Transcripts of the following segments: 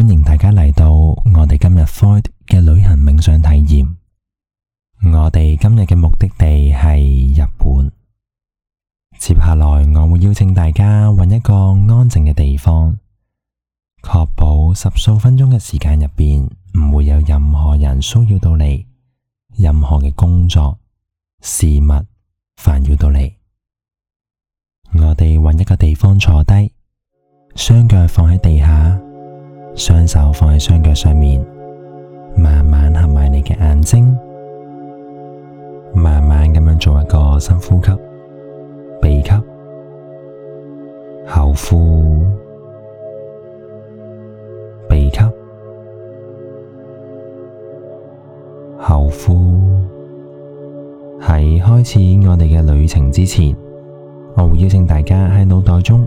歡迎大家嚟到我哋今日 Void 嘅旅行冥想體驗。我哋今日嘅目的地係日本。接下來我會邀請大家揾一個安靜嘅地方，確保十數分鐘嘅時間入邊唔會有任何人騷擾到你，任何嘅工作事物煩擾到你。我哋揾一個地方坐低，雙腳放喺地下。雙手放喺雙腳上面，慢慢合埋你嘅眼睛，慢慢咁樣做一個深呼吸，鼻吸，後呼，鼻吸，後呼。喺開始我哋嘅旅程之前，我會邀請大家喺腦袋中。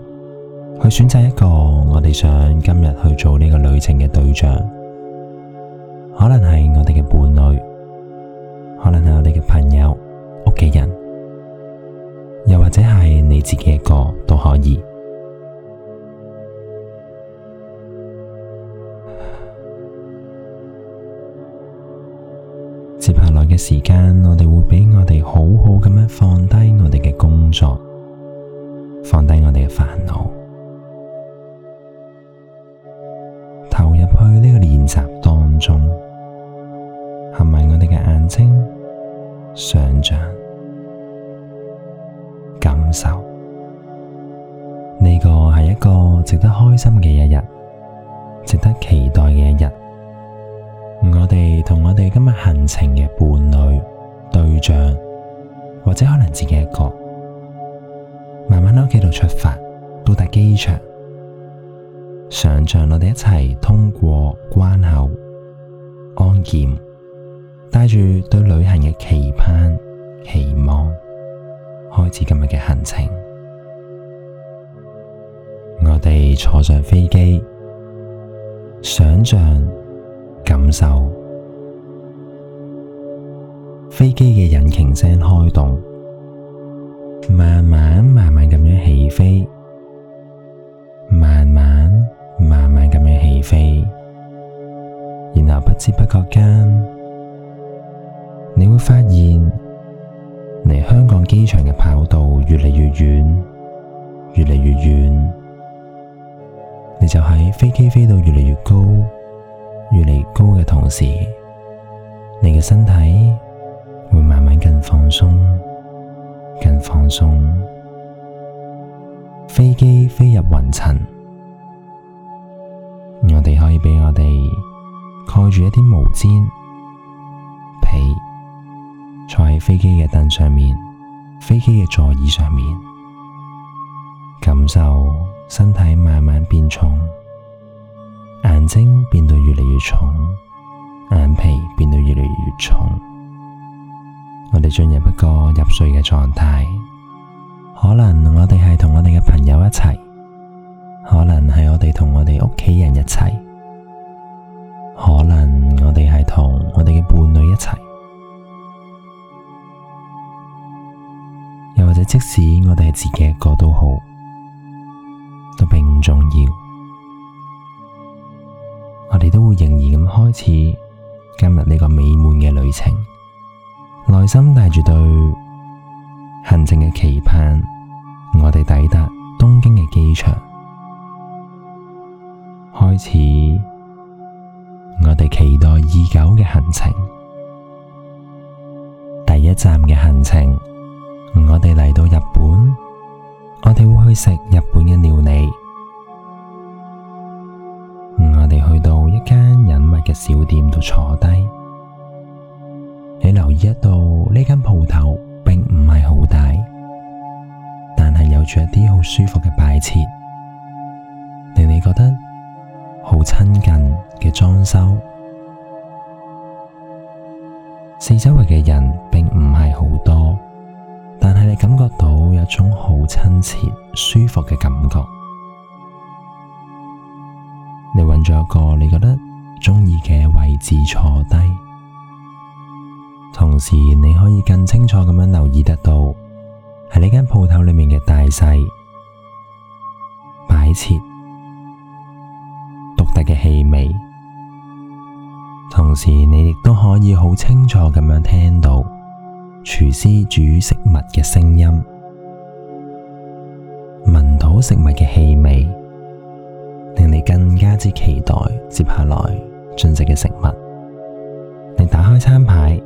去選擇一個我哋想今日去做呢個旅程嘅對象，可能係我哋嘅伴侶，可能係我哋嘅朋友、屋企人，又或者係你自己一個都可以。接下來嘅時間，我哋會俾我哋好好咁樣放低我哋嘅工作，放低我哋嘅煩惱。投入去呢個練習當中，合埋我哋嘅眼睛、想象、感受。呢個係一個值得開心嘅一日，值得期待嘅一日。我哋同我哋今日行程嘅伴侶、對象，或者可能自己一個，慢慢喺屋企度出發，到達機場。想象我哋一齊通過關口安檢，帶住對旅行嘅期盼、期望，開始今日嘅行程。我哋坐上飛機，想象感受飛機嘅引擎聲開動，慢慢，慢慢咁樣起飛，慢慢。飛，然後不知不覺間，你會發現離香港機場嘅跑道越嚟越遠，越嚟越遠。你就喺飛機飛到越嚟越高，越嚟越高嘅同時，你嘅身體會慢慢更放鬆，更放鬆。飛機飛入雲層。我哋可以畀我哋蓋住一啲毛氈被，坐喺飛機嘅凳上面、飛機嘅座椅上面，感受身體慢慢變重，眼睛變得越嚟越重，眼皮變得越嚟越重。我哋進入一個入睡嘅狀態，可能我哋係同我哋嘅朋友一齊。可能係我哋同我哋屋企人一齊，可能我哋係同我哋嘅伴侶一齊，又或者即使我哋係自己一個都好，都並唔重要。我哋都會仍然咁開始今日呢個美滿嘅旅程，內心帶住對行程嘅期盼，我哋抵達東京嘅機場。開始，我哋期待已久嘅行程，第一站嘅行程，我哋嚟到日本，我哋會去食日本嘅料理。我哋去到一間隱密嘅小店度坐低，你留意一度，呢間鋪頭並唔係好大，但係有住一啲好舒服嘅擺設，令你覺得。好親近嘅裝修，四周圍嘅人並唔係好多，但係你感覺到有種好親切、舒服嘅感覺。你揾咗一個你覺得鍾意嘅位置坐低，同時你可以更清楚咁樣留意得到喺呢間鋪頭裏面嘅大細擺設。獨特嘅氣味，同時你亦都可以好清楚咁樣聽到廚師煮食物嘅聲音，聞到食物嘅氣味，令你更加之期待接下來進食嘅食物。你打開餐牌，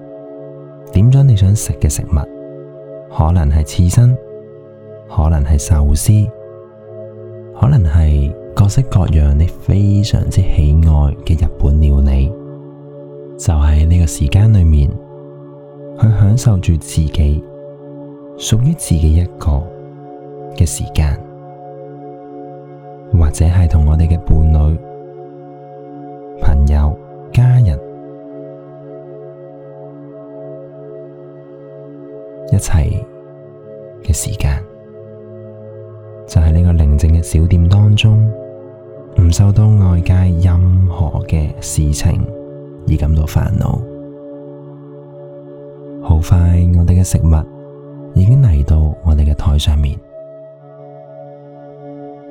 點咗你想食嘅食物，可能係刺身，可能係壽司，可能係。各式各樣你非常之喜愛嘅日本料理，就喺呢個時間裏面去享受住自己屬於自己一個嘅時間，或者係同我哋嘅伴侶、朋友、家人一齊嘅時間，就喺呢個寧靜嘅小店當中。唔受到外界任何嘅事情而感到煩惱。好快，我哋嘅食物已經嚟到我哋嘅台上面。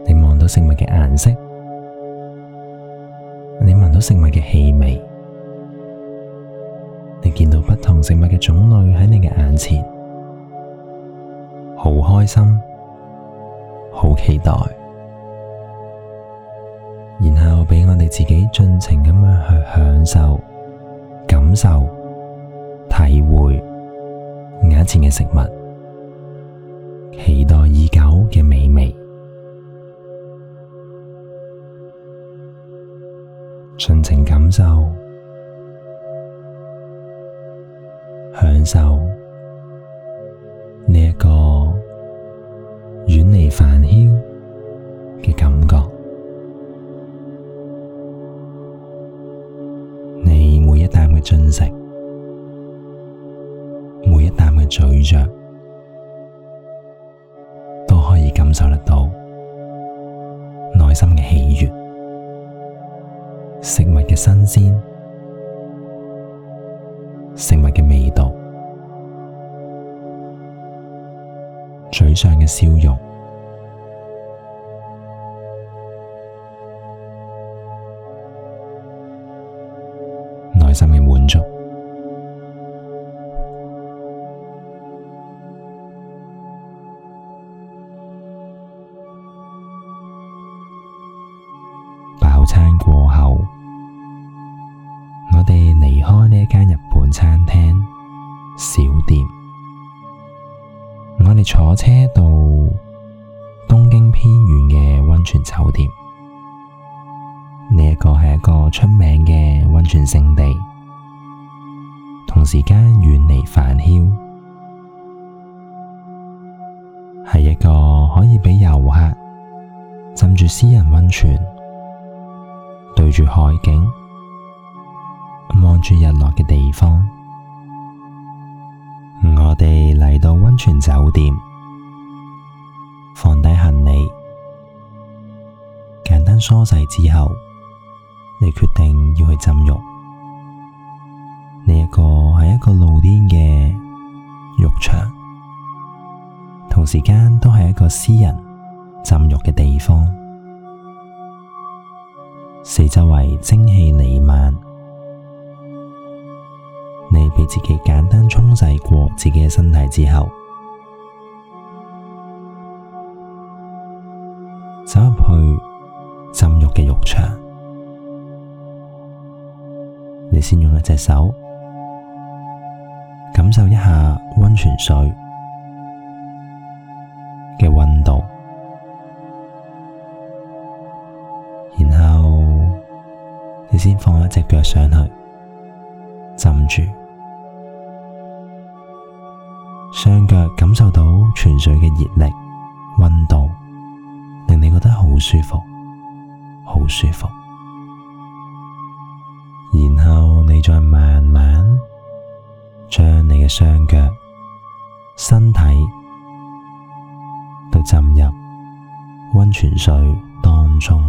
你望到食物嘅顏色，你聞到食物嘅氣味，你見到不同食物嘅種類喺你嘅眼前，好開心，好期待。俾我哋自己盡情咁樣去享受、感受、體會眼前嘅食物，期待已久嘅美味，盡情感受、享受。都可以感受得到內心嘅喜悅，食物嘅新鮮，食物嘅味道，嘴上嘅笑容。坐車到東京偏遠嘅温泉酒店，呢一個係一個出名嘅温泉聖地，同時間遠離繁囂，係一個可以俾遊客浸住私人温泉、對住海景、望住日落嘅地方。我哋。嚟到溫泉酒店，放低行李，簡單梳洗之後，你決定要去浸浴。呢一個係一個露天嘅浴場，同時間都係一個私人浸浴嘅地方，四周圍蒸汽彌漫。你俾自己簡單沖洗過自己嘅身體之後，走入去浸浴嘅浴場，你先用一隻手感受一下溫泉水嘅溫度，然後你先放一隻腳上去浸住。雙腳感受到泉水嘅熱力、溫度，令你覺得好舒服，好舒服。然後你再慢慢將你嘅雙腳、身體都浸入溫泉水當中。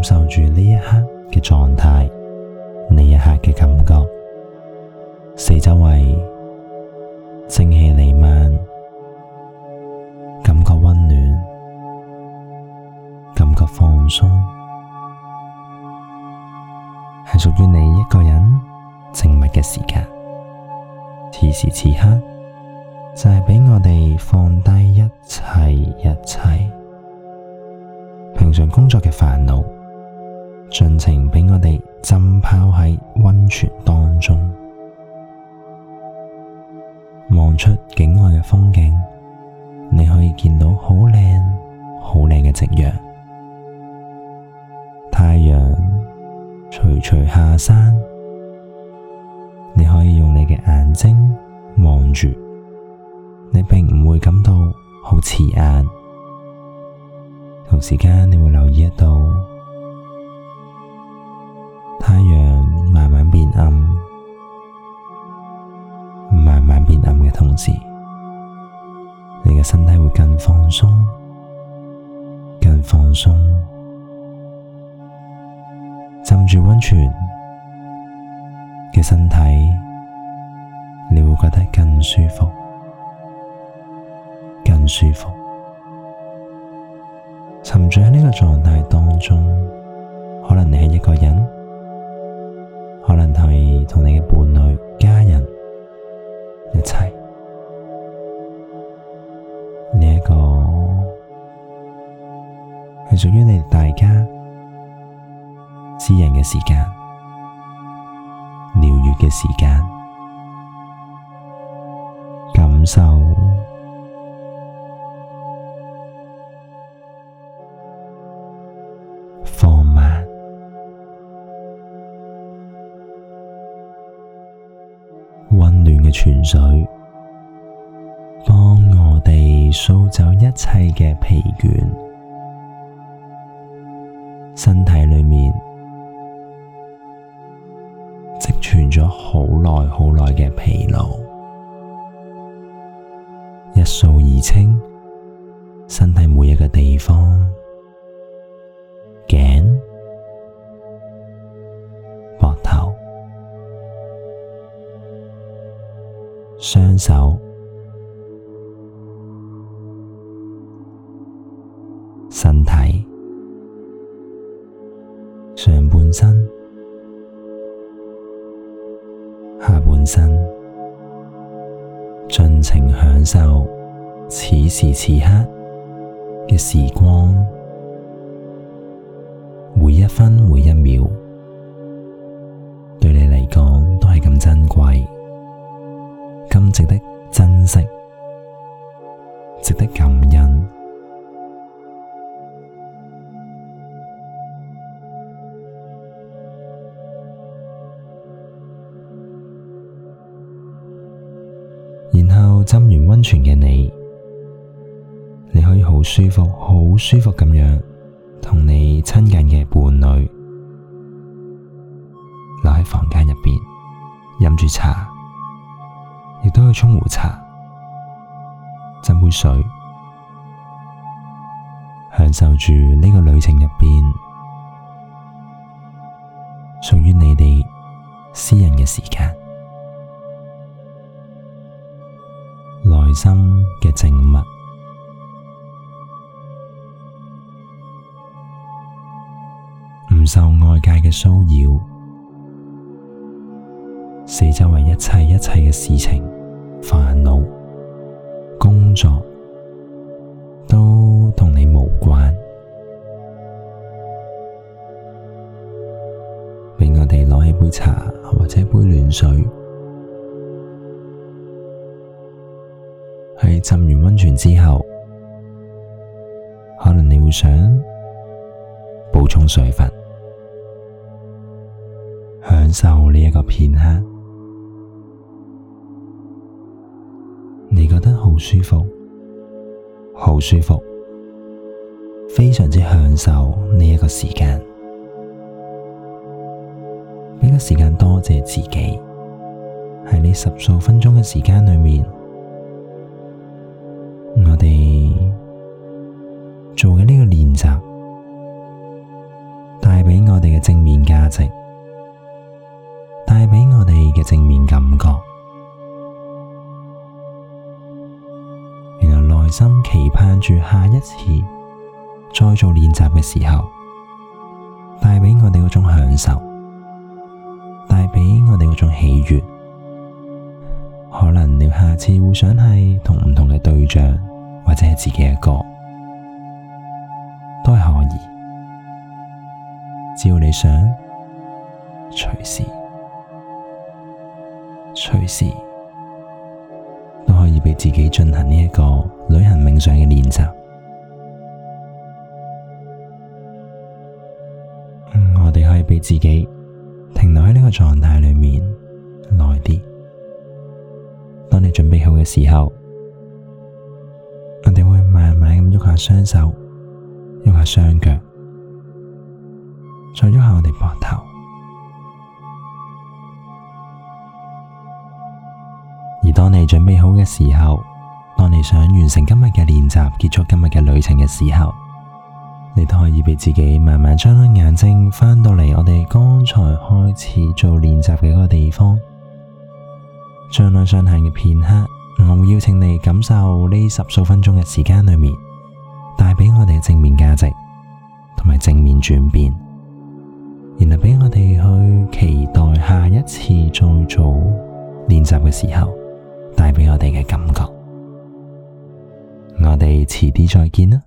感受住呢一刻嘅狀態，呢一刻嘅感覺，四周圍正氣彌漫，感覺溫暖，感覺放鬆，係屬於你一個人靜默嘅時間。此時此刻就係俾我哋放低一切，一切，一切平常工作嘅煩惱。盡情畀我哋浸泡喺溫泉當中，望出境外嘅風景，你可以見到好靚、好靚嘅夕陽，太陽徐徐下山，你可以用你嘅眼睛望住，你並唔會感到好刺眼，同時間你會留意一度。太陽慢慢變暗，慢慢變暗嘅同時，你嘅身體會更放鬆，更放鬆。浸住溫泉嘅身體，你會覺得更舒服，更舒服。沉醉喺呢個狀態當中，可能你係一個人。可能係同你嘅伴侶、家人一齊，呢一個係屬於你大家私人嘅時間、療愈嘅時間、感受。泉水幫我哋掃走一切嘅疲倦，身體裏面積存咗好耐好耐嘅疲勞，一掃而清，身體每一個地方。雙手、身體、上半身、下半身，盡情享受此時此刻嘅時光，每一分每一秒。值得珍惜，值得感恩。然後浸完温泉嘅你，你可以好舒服、好舒服咁樣，同你親近嘅伴侶留喺房間入邊，飲住茶。亦都可以沖壺茶，斟杯水，享受住呢個旅程入邊，屬於你哋私人嘅時間，內心嘅靜默，唔受外界嘅騷擾。四周圍一切一切嘅事情、煩惱、工作，都同你無關。畀我哋攞起杯茶或者杯暖水，喺浸完溫泉之後，可能你會想補充水分，享受呢一個片刻。舒服，好舒服，非常之享受呢一個時間。呢個時間多謝自己，喺呢十數分鐘嘅時間裏面，我哋做緊呢個練習，帶俾我哋嘅正面價值，帶俾我哋嘅正面感覺。盼住下一次再做練習嘅時候，帶畀我哋嗰種享受，帶俾我哋嗰種喜悦。可能你下次會想係同唔同嘅對象，或者係自己一個，都係可以。只要你想，隨時、隨時都可以俾自己進行呢一個。旅行冥想嘅練習，我哋可以俾自己停留喺呢個狀態裏面耐啲。當你準備好嘅時候，我哋會慢慢咁喐下雙手，喐下雙腳，再喐下我哋膊頭。而當你準備好嘅時候，當你想完成今日嘅練習，結束今日嘅旅程嘅時候，你都可以俾自己慢慢將眼睛翻到嚟。我哋剛才開始做練習嘅嗰個地方，將來上行嘅片刻，我會邀請你感受呢十數分鐘嘅時間裏面帶俾我哋嘅正面價值同埋正面轉變，然後俾我哋去期待下一次再做練習嘅時候帶俾我哋嘅感覺。我哋遲啲再見啦。